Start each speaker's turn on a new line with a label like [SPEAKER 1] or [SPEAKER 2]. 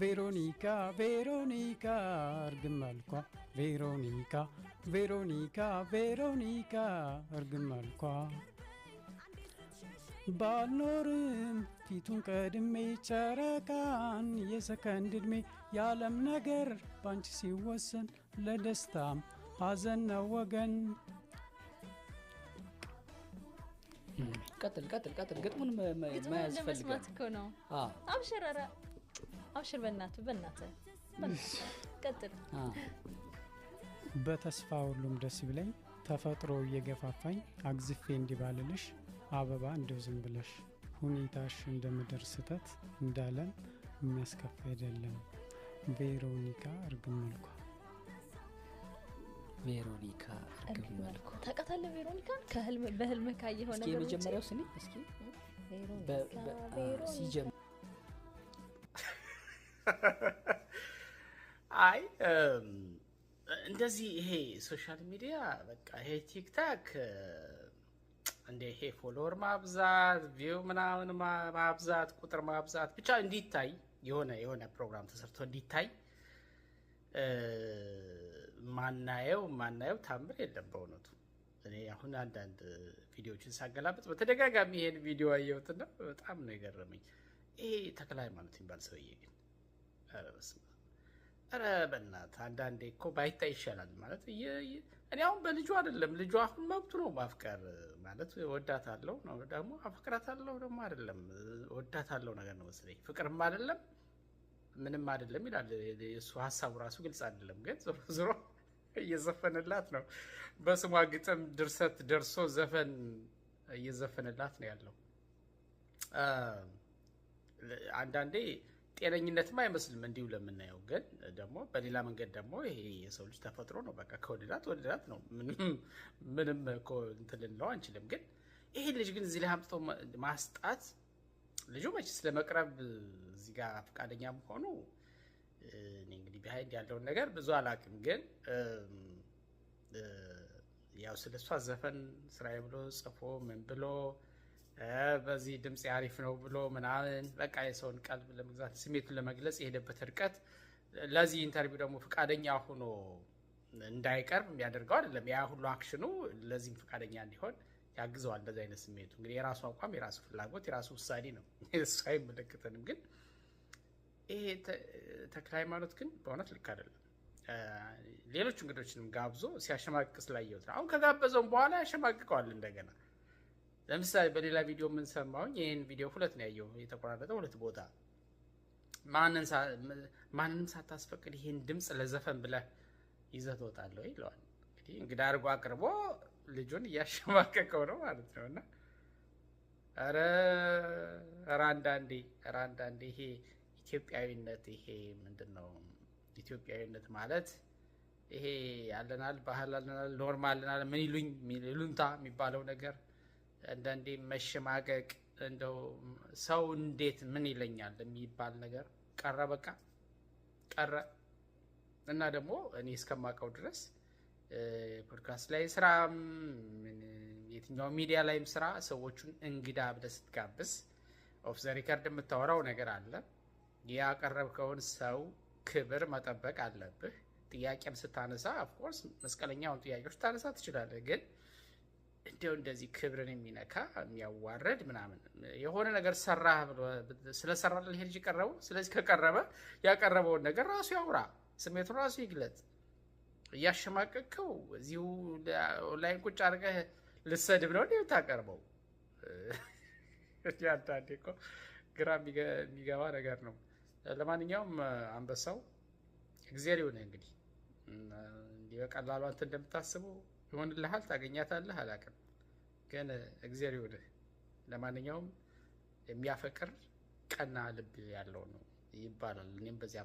[SPEAKER 1] ቬሮኒካ ቬሮኒካ ቬሮኒካ እርግብ መልኳ ቬሮኒካ ቬሮኒካ ቬሮኒካ እርግብ መልኳ ባልኖርም ፊቱን ቀድሜ ጨረቃን የሰከንድ ዕድሜ የዓለም ነገር ባንቺ ሲወሰን ለደስታም ሐዘን ነው ወገን።
[SPEAKER 2] ቀጥል ቀጥል ቀጥል፣ ግጥሙን መያዝ ፈልጋል።
[SPEAKER 3] ነው። አብሽረረ አብሽር፣ በእናትህ በእናትህ ቀጥል።
[SPEAKER 1] በተስፋ ሁሉም ደስ ብለኝ ተፈጥሮ እየገፋፋኝ አግዝፌ እንዲባልልሽ አበባ እንደው ዝም ብለሽ ሁኔታሽ እንደ ምድር ስተት እንዳለም የሚያስከፋ አይደለም። ቬሮኒካ እርግም መልኳ።
[SPEAKER 2] ቬሮኒካ እርግብ መልኳ
[SPEAKER 3] ታውቃታለህ? ቬሮኒካ በህልም ካየሆነ
[SPEAKER 2] የመጀመሪያው ስኒ እስኪ ሲጀምር አይ እንደዚህ ይሄ ሶሻል ሚዲያ በቃ ይሄ ቲክታክ እንደ ይሄ ፎሎወር ማብዛት ቪው ምናምን ማብዛት ቁጥር ማብዛት ብቻ እንዲታይ የሆነ የሆነ ፕሮግራም ተሰርቶ እንዲታይ ማናየው ማናየው ታምር የለም። በእውነቱ እኔ አሁን አንዳንድ ቪዲዮዎችን ሳገላበጥ በተደጋጋሚ ይሄን ቪዲዮ አየሁትና በጣም ነው የገረመኝ። ይሄ ተክለ ሃይማኖት የሚባል ሰውዬ ግን ኧረ በስመ አብ ኧረ በእናትህ አንዳንዴ እኮ ባይታይ ይሻላል። ማለት እኔ አሁን በልጁ አይደለም ልጁ አሁን መብቱ ነው ማፍቀር ማለት ወዳታለሁ ነው ደግሞ አፈቅራታለሁ ደግሞ አይደለም ወዳታለሁ ነገር ነው መሰለኝ። ፍቅርም አይደለም ምንም አይደለም ይላል የእሱ ሀሳቡ ራሱ ግልጽ አይደለም። ግን ዞሮ ዞሮ እየዘፈንላት ነው በስሟ ግጥም ድርሰት ደርሶ ዘፈን እየዘፈንላት ነው ያለው አንዳንዴ ጤነኝነትም አይመስልም እንዲሁ ለምናየው። ግን ደግሞ በሌላ መንገድ ደግሞ ይሄ የሰው ልጅ ተፈጥሮ ነው። በቃ ከወደዳት ወደዳት ነው። ምንም እንትን ልንለው አንችልም። ግን ይሄ ልጅ ግን እዚህ ላይ አምጥቶ ማስጣት ልጁ መች ስለመቅረብ እዚህ ጋር ፈቃደኛም ሆኑ እንግዲህ ቢሃይንድ ያለውን ነገር ብዙ አላውቅም። ግን ያው ስለ እሷ ዘፈን ስራዬ ብሎ ጽፎ ምን ብሎ በዚህ ድምፅ አሪፍ ነው ብሎ ምናምን በቃ የሰውን ቀልብ ለመግዛት ስሜቱን ለመግለጽ የሄደበት እርቀት ለዚህ ኢንተርቪው ደግሞ ፈቃደኛ ሆኖ እንዳይቀርብ የሚያደርገው አይደለም። ያ ሁሉ አክሽኑ ለዚህም ፈቃደኛ እንዲሆን ያግዘዋል። እንደዚህ አይነት ስሜቱ እንግዲህ የራሱ አቋም፣ የራሱ ፍላጎት፣ የራሱ ውሳኔ ነው። እሱ አይመለከተንም። ግን ይሄ ተክለ ሃይማኖት ግን በእውነት ልክ አይደለም። ሌሎች እንግዶችንም ጋብዞ ሲያሸማቅቅ ስላየሁት ነው። አሁን ከጋበዘውም በኋላ ያሸማቅቀዋል እንደገና ለምሳሌ በሌላ ቪዲዮ የምንሰማውኝ ይህን ቪዲዮ ሁለት ነው ያየው የተቆራረጠ ሁለት ቦታ ማንንም ሳታስፈቅድ ይህን ድምፅ ለዘፈን ብለህ ይዘህ ትወጣለህ ይለዋል። እንግዲህ እንግዳ አድርጎ አቅርቦ ልጁን እያሸማቀቀው ነው ማለት ነው። እና ኧረ አንዳንዴ ኧረ አንዳንዴ ይሄ ኢትዮጵያዊነት ይሄ ምንድን ነው? ኢትዮጵያዊነት ማለት ይሄ አለናል፣ ባህል አለናል፣ ኖርማ አለናል፣ ምን ይሉኝ ይሉንታ የሚባለው ነገር አንዳንዴ መሸማቀቅ እንደው ሰው እንዴት ምን ይለኛል የሚባል ነገር ቀረ፣ በቃ ቀረ። እና ደግሞ እኔ እስከማውቀው ድረስ ፖድካስት ላይ ስራም የትኛው ሚዲያ ላይም ስራ ሰዎቹን እንግዳ ብለህ ስትጋብዝ ኦፍ ዘ ሪከርድ የምታወራው ነገር አለ። ያቀረብከውን ሰው ክብር መጠበቅ አለብህ። ጥያቄም ስታነሳ ኦፍኮርስ መስቀለኛውን ጥያቄዎች ታነሳ ትችላለህ ግን እንዲያው እንደዚህ ክብርን የሚነካ የሚያዋረድ ምናምን የሆነ ነገር ሰራ ስለሰራ ይሄ ልጅ ቀረበው። ስለዚህ ከቀረበ ያቀረበውን ነገር ራሱ ያውራ፣ ስሜቱን ራሱ ይግለጽ። እያሸማቀቅከው እዚሁ ኦንላይን ቁጭ አድርገህ ልሰድብ ነው ታቀርበው? አንዳንዴ እኮ ግራ የሚገባ ነገር ነው። ለማንኛውም አንበሳው እግዚአብሔር ይሁን እንግዲህ በቀላሉ አንተ እንደምታስበው ይሆንልሃል፣ ታገኛታለህ። አላቅም ግን እግዚአብሔር ይሁንህ። ለማንኛውም የሚያፈቅር ቀና ልብ ያለው ነው ይባላል። እኔም በዚያ